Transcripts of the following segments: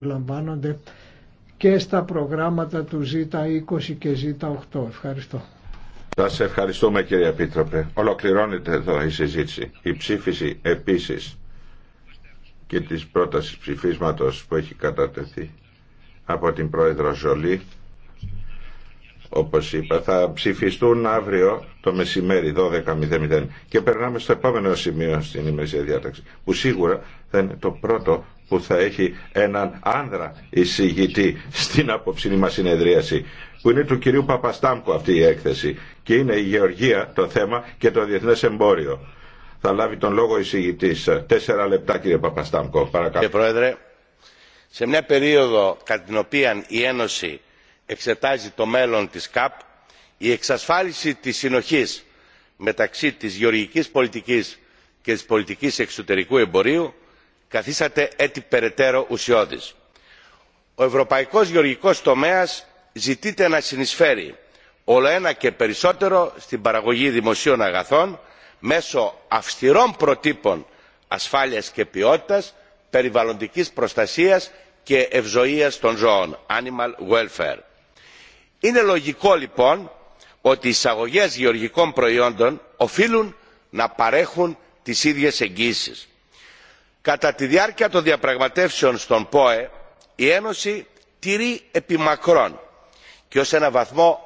λαμβάνονται και στα προγράμματα του Z20 και Z8. Ευχαριστώ. Σα ευχαριστούμε κύριε Επίτροπε. Ολοκληρώνεται εδώ η συζήτηση. Η ψήφιση επίσης και της πρότασης ψηφίσματος που έχει κατατεθεί από την πρόεδρο Ζολή όπως είπα θα ψηφιστούν αύριο το μεσημέρι 12.00 και περνάμε στο επόμενο σημείο στην ημερησία διάταξη που σίγουρα θα είναι το πρώτο που θα έχει έναν άνδρα εισηγητή στην απόψινή μας συνεδρίαση που είναι του κυρίου Παπαστάμκου αυτή η έκθεση και είναι η γεωργία το θέμα και το διεθνές εμπόριο. Θα λάβει τον λόγο εισηγητής. Τέσσερα λεπτά κύριε Παπαστάμκο. Παρακαλώ. Κύριε Πρόεδρε, σε μια περίοδο κατά την οποία η Ένωση εξετάζει το μέλλον της ΚΑΠ, η εξασφάλιση της συνοχής μεταξύ της γεωργικής πολιτικής και της πολιτικής εξωτερικού εμπορίου καθίσατε έτσι περαιτέρω ουσιώδης. Ο ευρωπαϊκός γεωργικός τομέας ζητείται να συνεισφέρει ένα και περισσότερο στην παραγωγή δημοσίων αγαθών μέσω αυστηρών προτύπων ασφάλειας και ποιότητας, περιβαλλοντικής προστασίας και ευζοίας των ζώων animal welfare. Είναι λογικό λοιπόν ότι οι εισαγωγές γεωργικών προϊόντων οφείλουν να παρέχουν τις ίδιες εγγύησεις κατά τη διάρκεια των διαπραγματεύσεων στον ποε η ένωση τηρεί επιμακρών και ως ένα βαθμό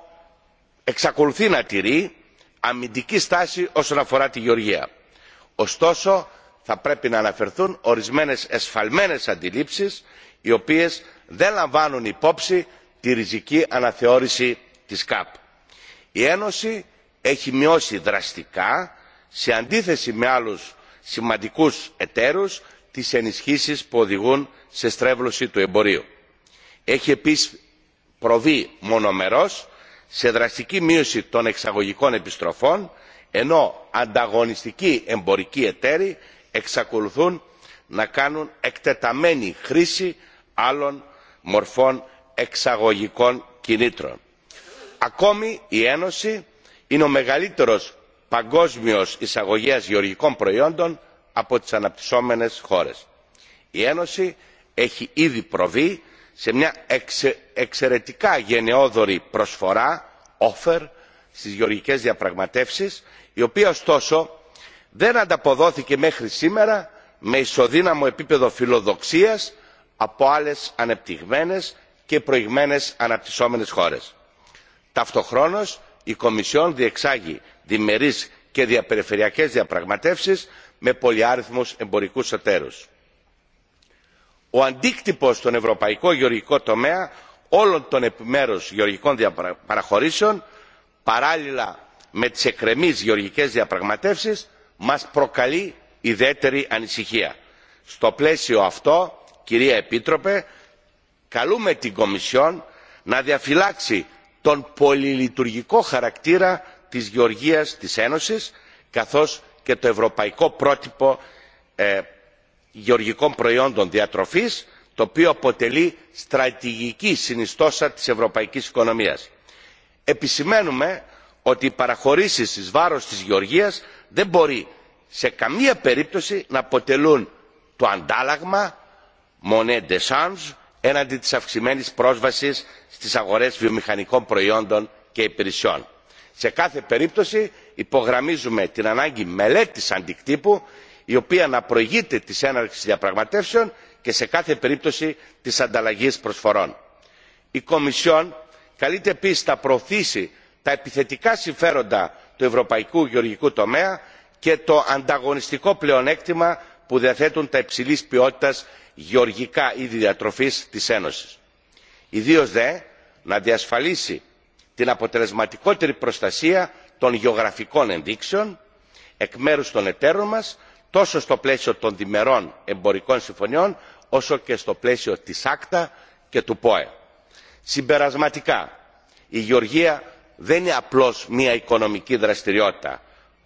εξακολουθεί να τηρεί αμυντική στάση όσον αφορά τη γεωργία. ωστόσο θα πρέπει να αναφερθούν ορισμένες εσφαλμένες αντιλήψεις οι οποίες δεν λαμβάνουν υπόψη τη ριζική αναθεώρηση της καπ. η ένωση έχει μειώσει δραστικά σε αντίθεση με άλλους σημαντικούς εταίρους τις ενισχύσεις που οδηγούν σε στρέβλωση του εμπορίου. Έχει επίσης προβεί μονομερός σε δραστική μείωση των εξαγωγικών επιστροφών ενώ ανταγωνιστικοί εμπορικοί εταίροι εξακολουθούν να κάνουν εκτεταμένη χρήση άλλων μορφών εξαγωγικών κινήτρων. Ακόμη η Ένωση είναι ο μεγαλύτερος παγκόσμιος εισαγωγέας γεωργικών προϊόντων από τις αναπτυσσόμενες χώρες. η ένωση έχει ήδη προβεί σε μια εξαιρετικά γενναιόδορη προσφορά offer στις γεωργικές διαπραγματεύσεις η οποία ωστόσο δεν ανταποδόθηκε μέχρι σήμερα με ισοδύναμο επίπεδο φιλοδοξίας από άλλες ανεπτυγμένες και προηγμένες αναπτυσσόμενες χώρες. ταυτοχρόνως η κομισιόν διεξάγει διμερείς και διαπεριφερειακές διαπραγματεύσεις με πολυάριθμους εμπορικούς εταίρους. Ο αντίκτυπος στον ευρωπαϊκό γεωργικό τομέα όλων των επιμέρους γεωργικών παραχωρήσεων παράλληλα με τις εκκρεμείς γεωργικές διαπραγματεύσεις μας προκαλεί ιδιαίτερη ανησυχία. Στο πλαίσιο αυτό, κυρία Επίτροπε, καλούμε την Κομισιόν να διαφυλάξει τον πολυλειτουργικό χαρακτήρα της γεωργίας της ένωσης καθώς και το ευρωπαϊκό πρότυπο ε, γεωργικών προϊόντων διατροφής το οποίο αποτελεί στρατηγική συνιστόσα της ευρωπαϊκής οικονομίας. επισημαίνουμε ότι οι παραχωρήσεις εις βάρος της γεωργίας δεν μπορεί σε καμία περίπτωση να αποτελούν το αντάλλαγμα monnaie change, έναντι της αυξημένης πρόσβασης στις αγορές βιομηχανικών προϊόντων και υπηρεσιών σε κάθε περίπτωση υπογραμμίζουμε την ανάγκη μελέτης αντικτύπου η οποία να προηγείται της έναρξης διαπραγματεύσεων και σε κάθε περίπτωση της ανταλλαγής προσφορών. η κομισιόν καλείται επίσης να προωθήσει τα επιθετικά συμφέροντα του ευρωπαϊκού γεωργικού τομέα και το ανταγωνιστικό πλεονέκτημα που διαθέτουν τα υψηλής ποιότητας γεωργικά είδη διατροφής της ένωσης. ιδίως δε να διασφαλίσει την αποτελεσματικότερη προστασία των γεωγραφικών ενδείξεων εκ μέρους των εταίρων μας τόσο στο πλαίσιο των διμερών εμπορικών συμφωνιών όσο και στο πλαίσιο της ακτα και του ποε. συμπερασματικά η γεωργία δεν είναι απλώς μια οικονομική δραστηριότητα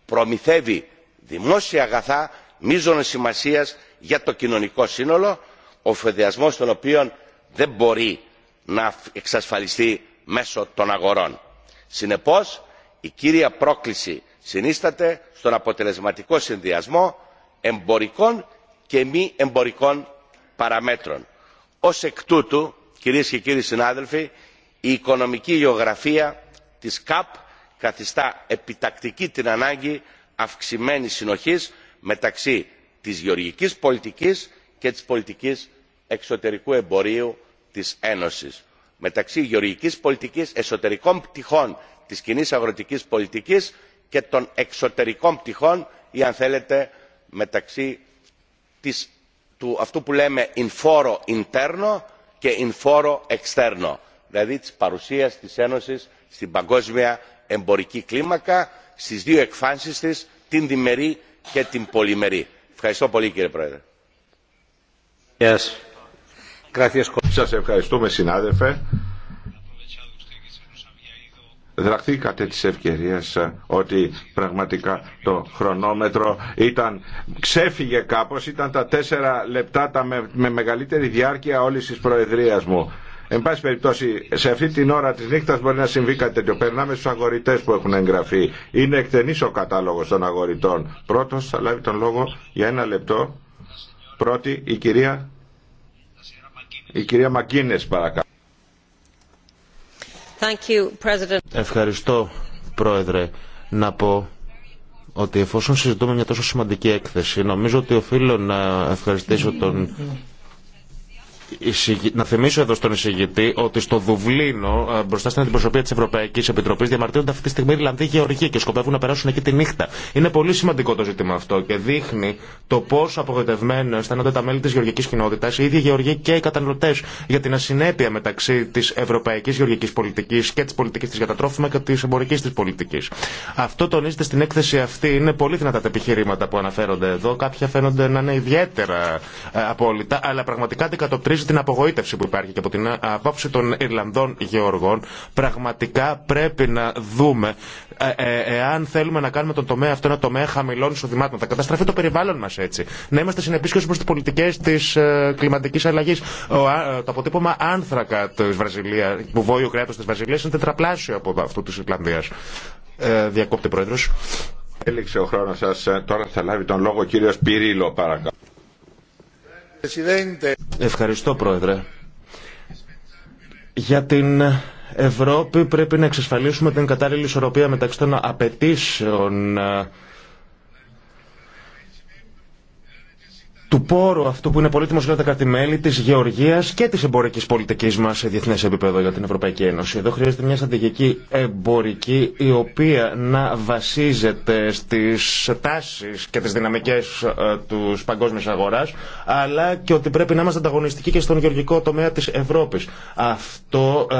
προμηθεύει δημόσια αγαθά μείζωνος σημασίας για το κοινωνικό σύνολο ο φεδιασμός των οποίων δεν μπορεί να εξασφαλιστεί μέσω των αγορών. συνεπώς η κύρια πρόκληση συνίσταται στον αποτελεσματικό συνδυασμό εμπορικών και μη εμπορικών παραμέτρων. ως εκ τούτου κυρίες και κύριοι συνάδελφοι η οικονομική γεωγραφία της καπ καθιστά επιτακτική την ανάγκη αυξημένης συνοχής μεταξύ της γεωργικής πολιτικής και της πολιτικής εξωτερικού εμπορίου της ένωσης μεταξύ γεωργικής πολιτικής εσωτερικών πτυχών της κοινή αγροτικής πολιτικής και των εξωτερικών πτυχών ή αν θέλετε μεταξύ του αυτού που λέμε in foro interno και in foro externo δηλαδή της παρουσίας της ένωσης στην παγκόσμια εμπορική κλίμακα στις δύο εκφάνσεις της την διμερή και την πολυμερή. Ευχαριστώ πολύ κύριε Πρόεδρε. Σας ευχαριστούμε συνάδελφε. Δραχθήκατε της ευκαιρίας ε, ότι πραγματικά το χρονόμετρο ήταν, ξέφυγε κάπως, ήταν τα τέσσερα λεπτά τα με, μεγαλύτερη διάρκεια όλης της προεδρίας μου. Εν πάση περιπτώσει, σε αυτή την ώρα τη νύχτα μπορεί να συμβεί κάτι τέτοιο. Περνάμε στου αγορητέ που έχουν εγγραφεί. Είναι εκτενή ο κατάλογο των αγορητών. Πρώτο θα λάβει τον λόγο για ένα λεπτό. Πρώτη η κυρία η κυρία παρακαλώ. Ευχαριστώ, Πρόεδρε. Να πω ότι εφόσον συζητούμε μια τόσο σημαντική έκθεση, νομίζω ότι οφείλω να ευχαριστήσω τον να θυμίσω εδώ στον εισηγητή ότι στο Δουβλίνο, ε, μπροστά στην αντιπροσωπεία τη Ευρωπαϊκή Επιτροπή, διαμαρτύρονται αυτή τη στιγμή Ιρλανδοί Γεωργοί και σκοπεύουν να περάσουν εκεί τη νύχτα. Είναι πολύ σημαντικό το ζήτημα αυτό και δείχνει το πόσο απογοητευμένοι αισθάνονται τα μέλη τη γεωργική κοινότητα, οι ίδιοι Γεωργοί και οι καταναλωτέ, για την ασυνέπεια μεταξύ τη ευρωπαϊκή γεωργική πολιτική και τη πολιτική τη για τα τρόφιμα και τη εμπορική τη πολιτική. Αυτό τονίζεται στην έκθεση αυτή. Είναι πολύ δυνατά τα επιχειρήματα που αναφέρονται εδώ. Κάποια φαίνονται να είναι ιδιαίτερα ε, απόλυτα, αλλά πραγματικά αντικατοπτρίζονται αναγνωρίζει την απογοήτευση που υπάρχει και από την απόψη των Ιρλανδών γεωργών. Πραγματικά πρέπει να δούμε ε, ε, εάν θέλουμε να κάνουμε τον τομέα αυτό ένα τομέα χαμηλών εισοδημάτων. Θα καταστραφεί το περιβάλλον μα έτσι. Να είμαστε συνεπεί και ω προ τι πολιτικέ τη ε, κλιματική αλλαγή. Το αποτύπωμα άνθρακα τη Βραζιλία, που βόει ο κρέατο τη Βραζιλία, είναι τετραπλάσιο από αυτού τη Ιρλανδία. διακόπτη πρόεδρο. Έληξε ο χρόνο σα. Τώρα θα λάβει τον λόγο ο κύριο Πυρίλο, παρακαλώ. Ευχαριστώ, Πρόεδρε. Για την Ευρώπη πρέπει να εξασφαλίσουμε την κατάλληλη ισορροπία μεταξύ των απαιτήσεων ε, του πόρου αυτού που είναι πολύτιμο για τα κρατημέλη τη γεωργία και τη εμπορική πολιτική μα σε διεθνέ επίπεδο για την Ευρωπαϊκή Ένωση. Εδώ χρειάζεται μια στρατηγική εμπορική η οποία να βασίζεται στι τάσει και τι δυναμικέ ε, τη παγκόσμια αγορά, αλλά και ότι πρέπει να είμαστε ανταγωνιστικοί και στον γεωργικό τομέα τη Ευρώπη. Αυτό ε,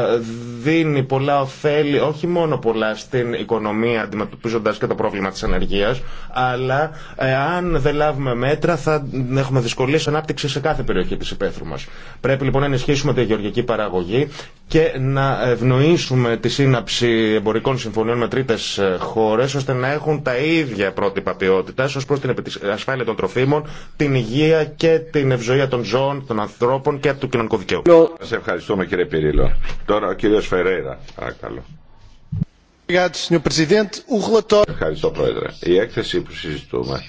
δίνει πολλά ωφέλη, όχι μόνο πολλά στην οικονομία, αντιμετωπίζοντα και το πρόβλημα τη ανεργία, αλλά ε, αν δεν λάβουμε μέτρα θα να έχουμε δυσκολίε ανάπτυξη σε κάθε περιοχή τη υπαίθρου μα. Πρέπει λοιπόν να ενισχύσουμε τη γεωργική παραγωγή και να ευνοήσουμε τη σύναψη εμπορικών συμφωνιών με τρίτε χώρε ώστε να έχουν τα ίδια πρότυπα ποιότητα ω προ την ασφάλεια των τροφίμων, την υγεία και την ευζοία των ζώων, των ανθρώπων και του κοινωνικού δικαίου. Σα ευχαριστούμε κύριε Πυρίλο. Τώρα ο κύριο Φεραίρα, παρακαλώ. Ευχαριστώ, Πρόεδρε. Η έκθεση που συζητούμε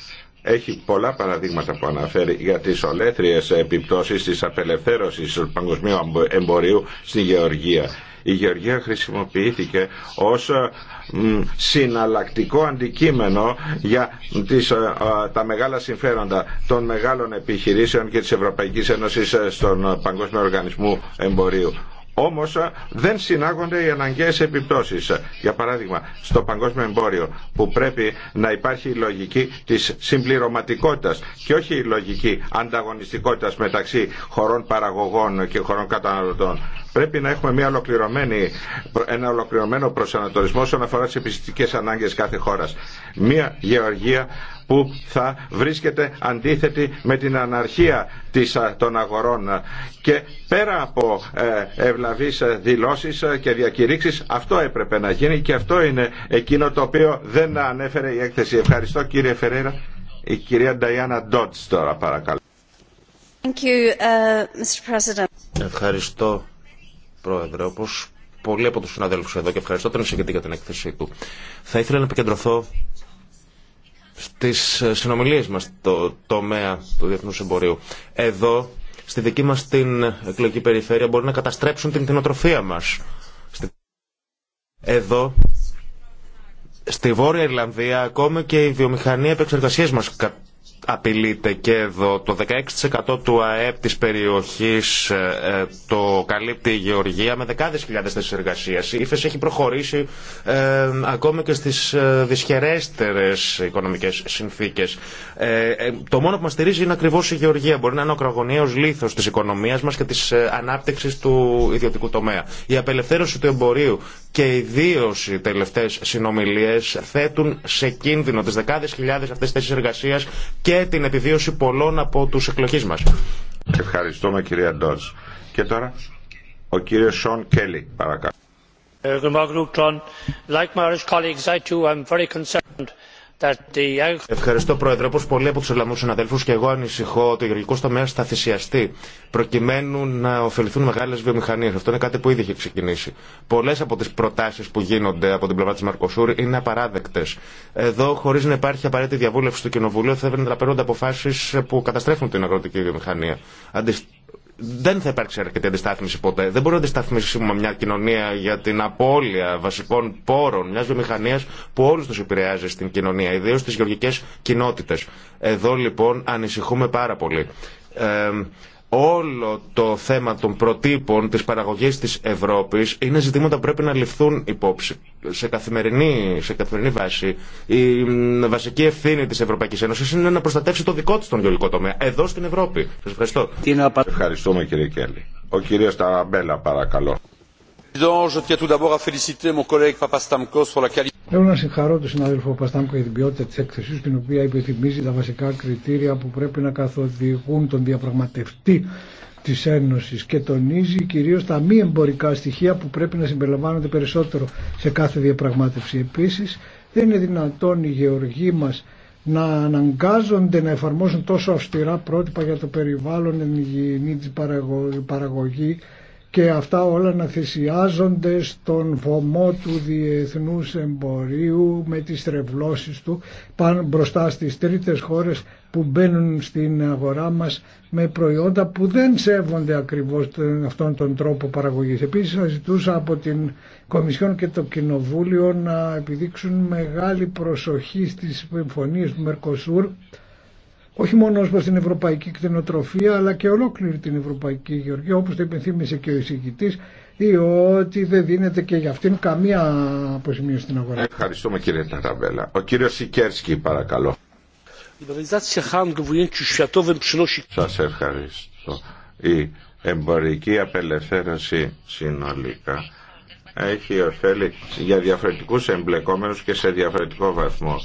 έχει πολλά παραδείγματα που αναφέρει για τις ολέθριε επιπτώσεις της απελευθέρωσης του παγκοσμίου εμπορίου στη Γεωργία. Η Γεωργία χρησιμοποιήθηκε ως ε, συναλλακτικό αντικείμενο για τις, ε, ε, τα μεγάλα συμφέροντα των μεγάλων επιχειρήσεων και της Ευρωπαϊκής Ένωσης στον Παγκόσμιο Οργανισμό Εμπορίου όμως δεν συνάγονται οι αναγκαίες επιπτώσεις. Για παράδειγμα, στο παγκόσμιο εμπόριο που πρέπει να υπάρχει η λογική της συμπληρωματικότητας και όχι η λογική ανταγωνιστικότητας μεταξύ χωρών παραγωγών και χωρών καταναλωτών. Πρέπει να έχουμε μια ολοκληρωμένη, ένα ολοκληρωμένο προσανατολισμό όσον αφορά τι επιστημικέ ανάγκε κάθε χώρα. Μια γεωργία που θα βρίσκεται αντίθετη με την αναρχία της, των αγορών. Και πέρα από ε, ευλαβείς ε, δηλώσεις ε, και διακηρύξεις, αυτό έπρεπε να γίνει και αυτό είναι εκείνο το οποίο δεν ανέφερε η έκθεση. Ευχαριστώ κύριε Φερέρα. Η κυρία Νταϊάννα Ντότς τώρα παρακαλώ. Thank you, uh, Mr. Ευχαριστώ Πρόεδρε, όπω πολλοί από του συναδέλφου εδώ και ευχαριστώ τον συγκεκριτή για την έκθεσή του. Θα ήθελα να επικεντρωθώ στι συνομιλίε μα στο τομέα του διεθνού εμπορίου. Εδώ, στη δική μα την εκλογική περιφέρεια, μπορεί να καταστρέψουν την κτηνοτροφία μα. Εδώ, στη Βόρεια Ιρλανδία, ακόμα και η βιομηχανία επεξεργασία μα απειλείται και εδώ. Το 16% του ΑΕΠ της περιοχής ε, ε, το καλύπτει η Γεωργία με δεκάδες χιλιάδες θέσεις εργασίας. Η ύφεση έχει προχωρήσει ε, ακόμη και στις ε, δυσχερέστερες οικονομικές συνθήκες. το μόνο που μας στηρίζει είναι ακριβώς η Γεωργία. Μπορεί να είναι ο κραγωνίος λίθος της οικονομίας μας και της ανάπτυξης του ιδιωτικού τομέα. Η απελευθέρωση του εμπορίου και ιδίω οι τελευταίε συνομιλίε θέτουν σε κίνδυνο τι δεκάδε χιλιάδε αυτέ τι θέσει εργασία και την επιβίωση πολλών από του εκλογεί μα. Ευχαριστούμε κυρία Ντότ. Και τώρα ο κύριο Σον Κέλλη, παρακαλώ. Ευχαριστώ, Πρόεδρε. Όπω πολλοί από τους Ολλανδού συναδέλφου και εγώ ανησυχώ ότι ο γεωργικό τομέα θα θυσιαστεί προκειμένου να ωφεληθούν μεγάλες βιομηχανίες. Αυτό είναι κάτι που ήδη έχει ξεκινήσει. Πολλές από τις προτάσεις που γίνονται από την πλευρά τη Μαρκοσούρη είναι απαράδεκτες. Εδώ, χωρί να υπάρχει απαραίτητη διαβούλευση του Κοινοβουλίου, θα έπρεπε να παίρνονται αποφάσει που καταστρέφουν την αγροτική βιομηχανία δεν θα υπάρξει αρκετή αντιστάθμιση ποτέ. Δεν μπορούμε να αντισταθμίσουμε μια κοινωνία για την απώλεια βασικών πόρων μια βιομηχανία που όλου του επηρεάζει στην κοινωνία, ιδίω στι γεωργικέ κοινότητε. Εδώ λοιπόν ανησυχούμε πάρα πολύ. Ε, όλο το θέμα των προτύπων της παραγωγής της Ευρώπης είναι ζητήματα που πρέπει να ληφθούν υπόψη. Σε καθημερινή, σε καθημερινή βάση η βασική ευθύνη της Ευρωπαϊκής Ένωσης είναι να προστατεύσει το δικό της τον γεωλικό τομέα, εδώ στην Ευρώπη. Σας ευχαριστώ. Ευχαριστούμε κύριε Κέλλη. Ο κύριος Ταραμπέλα παρακαλώ. Θέλω να συγχαρώ τον συναδελφό Παστάμκο για την ποιότητα τη έκθεση, την οποία υπενθυμίζει τα βασικά κριτήρια που πρέπει να καθοδηγούν τον διαπραγματευτή τη Ένωση και τονίζει κυρίω τα μη εμπορικά στοιχεία που πρέπει να συμπεριλαμβάνονται περισσότερο σε κάθε διαπραγμάτευση. Επίση, δεν είναι δυνατόν οι γεωργοί μα να αναγκάζονται να εφαρμόσουν τόσο αυστηρά πρότυπα για το περιβάλλον, εν υγιεινή, τη παραγωγή και αυτά όλα να θυσιάζονται στον φωμό του διεθνούς εμπορίου με τις τρευλώσεις του πάνω μπροστά στις τρίτες χώρες που μπαίνουν στην αγορά μας με προϊόντα που δεν σέβονται ακριβώς αυτόν τον τρόπο παραγωγής. Επίσης θα ζητούσα από την Κομισιόν και το Κοινοβούλιο να επιδείξουν μεγάλη προσοχή στις συμφωνίες του Μερκοσούρ όχι μόνο ως την ευρωπαϊκή κτηνοτροφία αλλά και ολόκληρη την ευρωπαϊκή γεωργία όπως το υπενθύμισε και ο εισηγητής διότι δεν δίνεται και για αυτήν καμία αποσημείωση στην αγορά. Ευχαριστούμε κύριε Ταραβέλα. Ο κύριος Σικέρσκι παρακαλώ. Σας ευχαριστώ. Η εμπορική απελευθέρωση συνολικά έχει ωφέλη για διαφορετικούς εμπλεκόμενους και σε διαφορετικό βαθμό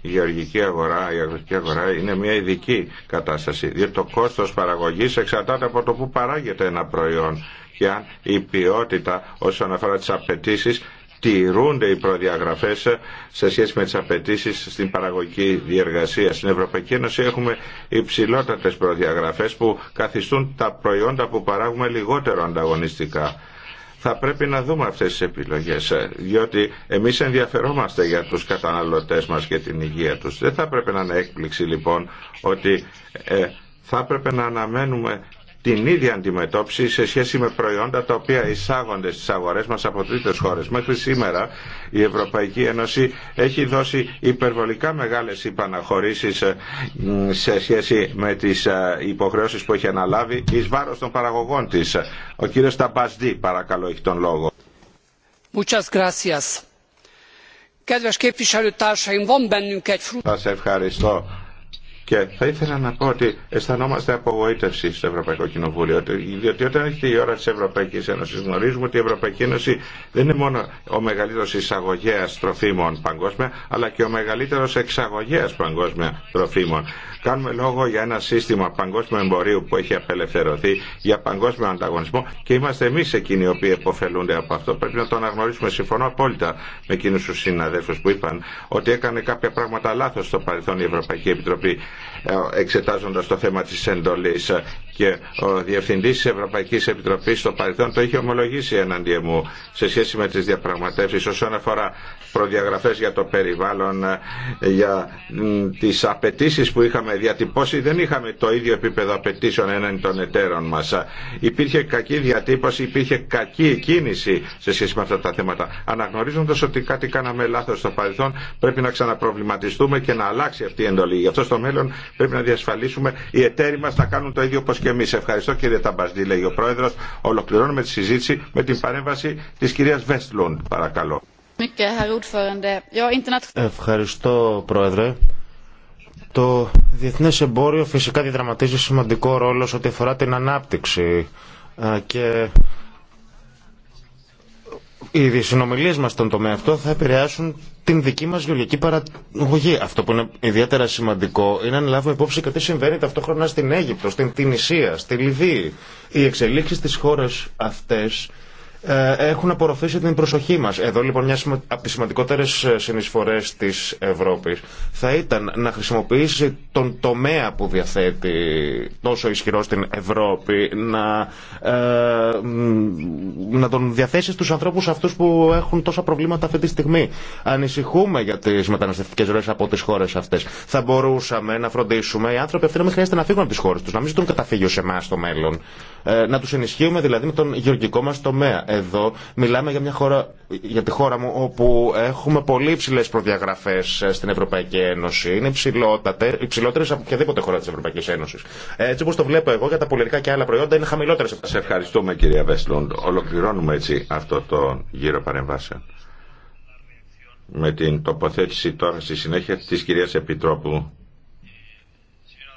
η γεωργική αγορά, η αγροτική αγορά είναι μια ειδική κατάσταση, διότι το κόστος παραγωγής εξαρτάται από το που παράγεται ένα προϊόν και αν η ποιότητα όσον αφορά τις απαιτήσει τηρούνται οι προδιαγραφές σε σχέση με τις απαιτήσει στην παραγωγική διεργασία. Στην Ευρωπαϊκή Ένωση έχουμε υψηλότερες προδιαγραφές που καθιστούν τα προϊόντα που παράγουμε λιγότερο ανταγωνιστικά θα πρέπει να δούμε αυτές τις επιλογές ε, διότι εμείς ενδιαφερόμαστε για τους καταναλωτές μας και την υγεία τους. Δεν θα πρέπει να είναι έκπληξη λοιπόν ότι ε, θα έπρεπε να αναμένουμε την ίδια αντιμετώπιση σε σχέση με προϊόντα τα οποία εισάγονται στις αγορές μας από τρίτες χώρες. Μέχρι σήμερα η Ευρωπαϊκή Ένωση έχει δώσει υπερβολικά μεγάλες υπαναχωρήσεις ε, σε σχέση με τις ε, υποχρεώσεις που έχει αναλάβει εις βάρος των παραγωγών της. Ο κύριος Ταμπασδί παρακαλώ έχει τον λόγο. Σας ευχαριστώ και θα ήθελα να πω ότι αισθανόμαστε απογοήτευση στο Ευρωπαϊκό Κοινοβούλιο. Διότι όταν έρχεται η ώρα τη Ευρωπαϊκή Ένωση, γνωρίζουμε ότι η Ευρωπαϊκή Ένωση δεν είναι μόνο ο μεγαλύτερο εισαγωγέα τροφίμων παγκόσμια, αλλά και ο μεγαλύτερο εξαγωγέα παγκόσμια τροφίμων. Κάνουμε λόγο για ένα σύστημα παγκόσμιου εμπορίου που έχει απελευθερωθεί για παγκόσμιο ανταγωνισμό και είμαστε εμεί εκείνοι οι οποίοι επωφελούνται από αυτό. Πρέπει να το αναγνωρίσουμε. Συμφωνώ απόλυτα με εκείνου του συναδέλφου που είπαν ότι έκανε κάποια πράγματα λάθο στο παρελθόν η Ευρωπαϊκή Επιτροπή ε, εξετάζοντας το θέμα της εντολής και ο Διευθυντή τη Ευρωπαϊκή Επιτροπή στο παρελθόν το είχε ομολογήσει έναντι μου σε σχέση με τι διαπραγματεύσει όσον αφορά προδιαγραφέ για το περιβάλλον, για τι απαιτήσει που είχαμε διατυπώσει. Δεν είχαμε το ίδιο επίπεδο απαιτήσεων έναντι των εταίρων μα. Υπήρχε κακή διατύπωση, υπήρχε κακή κίνηση σε σχέση με αυτά τα θέματα. Αναγνωρίζοντα ότι κάτι κάναμε λάθο στο παρελθόν, πρέπει να ξαναπροβληματιστούμε και να αλλάξει αυτή η εντολή. Γι' αυτό στο μέλλον πρέπει να διασφαλίσουμε οι εταίροι μα να κάνουν το ίδιο όπω και εμεί. Ευχαριστώ κύριε Ταμπαζή, λέει ο Πρόεδρο. Ολοκληρώνουμε τη συζήτηση με την παρέμβαση τη κυρία Βέστλον, παρακαλώ. Ευχαριστώ, Πρόεδρε. Το διεθνέ εμπόριο φυσικά διαδραματίζει σημαντικό ρόλο σε ό,τι αφορά την ανάπτυξη ε, και οι συνομιλίε μα στον τομέα αυτό θα επηρεάσουν την δική μα γεωργική παραγωγή. Αυτό που είναι ιδιαίτερα σημαντικό είναι να λάβουμε υπόψη και τι συμβαίνει ταυτόχρονα στην Αίγυπτο, στην Τινησία, στη Λιβύη. Οι εξελίξει στι χώρε αυτέ ε, έχουν απορροφήσει την προσοχή μα. Εδώ λοιπόν μια από τι σημαντικότερε ε, συνεισφορέ τη Ευρώπη θα ήταν να χρησιμοποιήσει τον τομέα που διαθέτει τόσο ισχυρό στην Ευρώπη, να, ε, να τον διαθέσει στου ανθρώπου αυτού που έχουν τόσα προβλήματα αυτή τη στιγμή. Ανησυχούμε για τι μεταναστευτικέ ροέ από τι χώρε αυτέ. Θα μπορούσαμε να φροντίσουμε οι άνθρωποι αυτοί να μην χρειάζεται να φύγουν από τι χώρε του, να μην ζητούν καταφύγιο σε εμά στο μέλλον. να του ενισχύουμε δηλαδή με τον γεωργικό μα τομέα εδώ μιλάμε για μια χώρα για τη χώρα μου, όπου έχουμε πολύ υψηλέ προδιαγραφέ ε, στην Ευρωπαϊκή Ένωση. Είναι υψηλότερε από οποιαδήποτε χώρα τη Ευρωπαϊκή Ένωση. Έτσι όπω το βλέπω εγώ, για τα πολιτικά και άλλα προϊόντα είναι χαμηλότερε. Σε ευχαριστούμε κυρία Βέσλοντ. Ολοκληρώνουμε έτσι αυτό το γύρο παρεμβάσεων. Με την τοποθέτηση τώρα στη συνέχεια τη κυρία Επιτρόπου,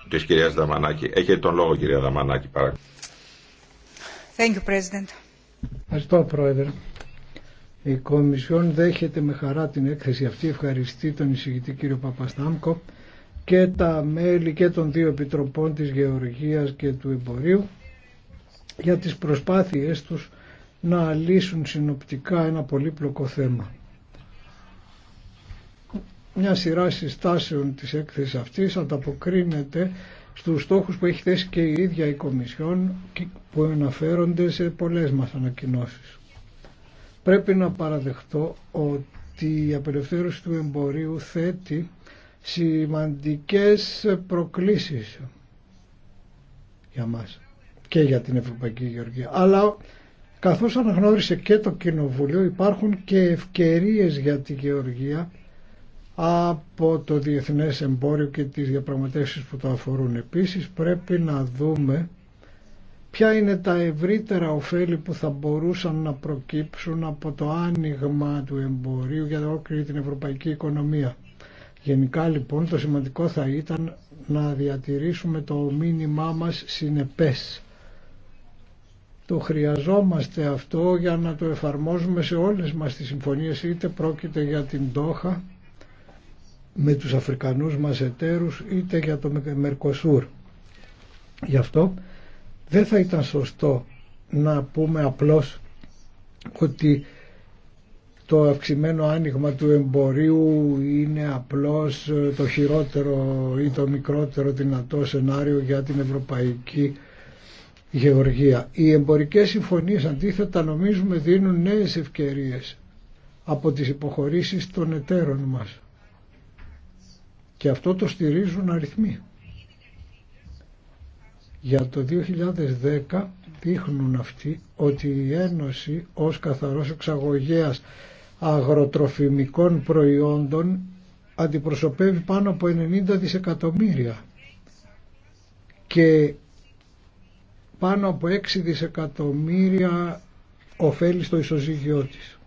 της κυρίας Δαμανάκη. Έχετε τον λόγο κυρία Δαμανάκη, παρακαλώ. Thank you, President. Ευχαριστώ Πρόεδρε. Η Κομισιόν δέχεται με χαρά την έκθεση αυτή. Ευχαριστεί τον εισηγητή κύριο Παπαστάμκο και τα μέλη και των δύο επιτροπών της Γεωργίας και του Εμπορίου για τις προσπάθειές τους να λύσουν συνοπτικά ένα πολύπλοκο θέμα. Μια σειρά συστάσεων της έκθεσης αυτής ανταποκρίνεται στους στόχους που έχει θέσει και η ίδια η Κομισιόν που αναφέρονται σε πολλές μας ανακοινώσεις. Πρέπει να παραδεχτώ ότι η απελευθέρωση του εμπορίου θέτει σημαντικές προκλήσεις για μας και για την Ευρωπαϊκή Γεωργία. Αλλά καθώς αναγνώρισε και το Κοινοβουλίο υπάρχουν και ευκαιρίες για τη Γεωργία από το διεθνές εμπόριο και τις διαπραγματεύσεις που το αφορούν. Επίσης πρέπει να δούμε ποια είναι τα ευρύτερα ωφέλη που θα μπορούσαν να προκύψουν από το άνοιγμα του εμπορίου για την ευρωπαϊκή οικονομία. Γενικά λοιπόν το σημαντικό θα ήταν να διατηρήσουμε το μήνυμά μας συνεπές. Το χρειαζόμαστε αυτό για να το εφαρμόζουμε σε όλες μας τις συμφωνίες είτε πρόκειται για την Τόχα με τους Αφρικανούς μας εταίρους είτε για το Μερκοσούρ. Γι' αυτό δεν θα ήταν σωστό να πούμε απλώς ότι το αυξημένο άνοιγμα του εμπορίου είναι απλώς ε, το χειρότερο ή το μικρότερο δυνατό σενάριο για την ευρωπαϊκή γεωργία. Οι εμπορικές συμφωνίες αντίθετα νομίζουμε δίνουν νέες ευκαιρίες από τις υποχωρήσεις των εταίρων μας. Και αυτό το στηρίζουν αριθμοί. Για το 2010 δείχνουν αυτοί ότι η Ένωση ως καθαρός εξαγωγέας αγροτροφημικών προϊόντων αντιπροσωπεύει πάνω από 90 δισεκατομμύρια και πάνω από 6 δισεκατομμύρια ωφέλει στο ισοζύγιό της.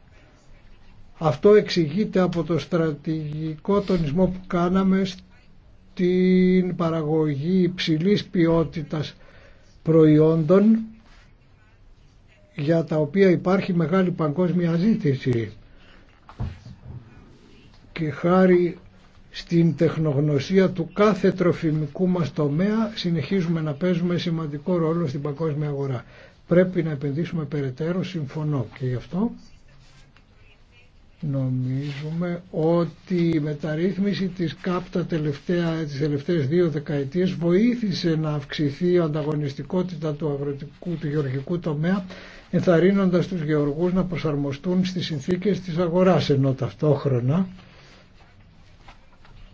Αυτό εξηγείται από το στρατηγικό τονισμό που κάναμε στην παραγωγή υψηλής ποιότητας προϊόντων για τα οποία υπάρχει μεγάλη παγκόσμια ζήτηση και χάρη στην τεχνογνωσία του κάθε τροφιμικού μας τομέα συνεχίζουμε να παίζουμε σημαντικό ρόλο στην παγκόσμια αγορά. Πρέπει να επενδύσουμε περαιτέρω, συμφωνώ και γι' αυτό Νομίζουμε ότι η μεταρρύθμιση της ΚΑΠ τελευταία, τις τελευταίες δύο δεκαετίες βοήθησε να αυξηθεί η ανταγωνιστικότητα του αγροτικού, του γεωργικού τομέα ενθαρρύνοντας τους γεωργούς να προσαρμοστούν στις συνθήκες της αγοράς ενώ ταυτόχρονα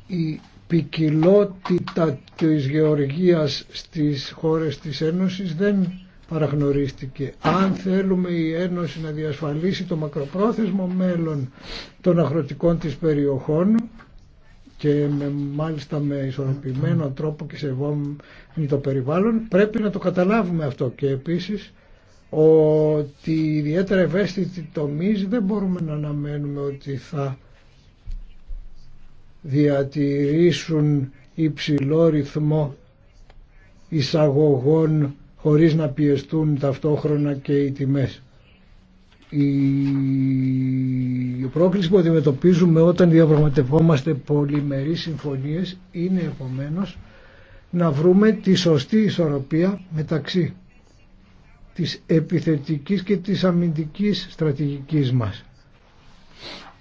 η ποικιλότητα της γεωργίας στις χώρες της Ένωσης δεν παραγνωρίστηκε. Αν θέλουμε η Ένωση να διασφαλίσει το μακροπρόθεσμο μέλλον των αγροτικών της περιοχών και με, μάλιστα με ισορροπημένο τρόπο και σε το περιβάλλον πρέπει να το καταλάβουμε αυτό και επίσης ότι ιδιαίτερα ευαίσθητοι τομείς δεν μπορούμε να αναμένουμε ότι θα διατηρήσουν υψηλό ρυθμό εισαγωγών χωρίς να πιεστούν ταυτόχρονα και οι τιμές. Η πρόκληση που αντιμετωπίζουμε όταν διαπραγματευόμαστε πολυμερείς συμφωνίες είναι επομένως να βρούμε τη σωστή ισορροπία μεταξύ της επιθετικής και της αμυντικής στρατηγικής μας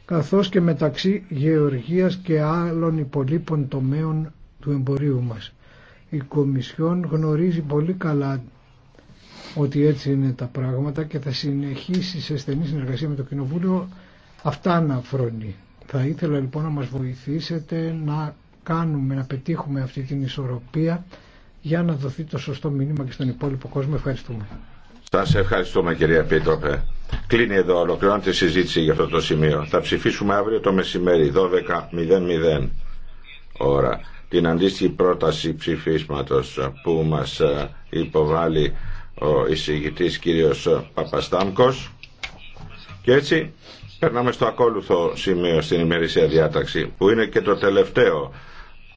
καθώς και μεταξύ γεωργίας και άλλων υπολείπων τομέων του εμπορίου μας. Η Κομισιόν γνωρίζει πολύ καλά ότι έτσι είναι τα πράγματα και θα συνεχίσει σε στενή συνεργασία με το Κοινοβούλιο αυτά να φρονεί. Θα ήθελα λοιπόν να μας βοηθήσετε να κάνουμε, να πετύχουμε αυτή την ισορροπία για να δοθεί το σωστό μήνυμα και στον υπόλοιπο κόσμο. Ευχαριστούμε. Σας ευχαριστούμε κυρία Πίτροπε. Κλείνει εδώ, ολοκληρώνεται η συζήτηση για αυτό το σημείο. Θα ψηφίσουμε αύριο το μεσημέρι, 12.00 ώρα την αντίστοιχη πρόταση ψηφίσματος που μας ε, υποβάλλει ο εισηγητής κύριος ε, Παπαστάμκος και έτσι περνάμε στο ακόλουθο σημείο στην ημερήσια διάταξη που είναι και το τελευταίο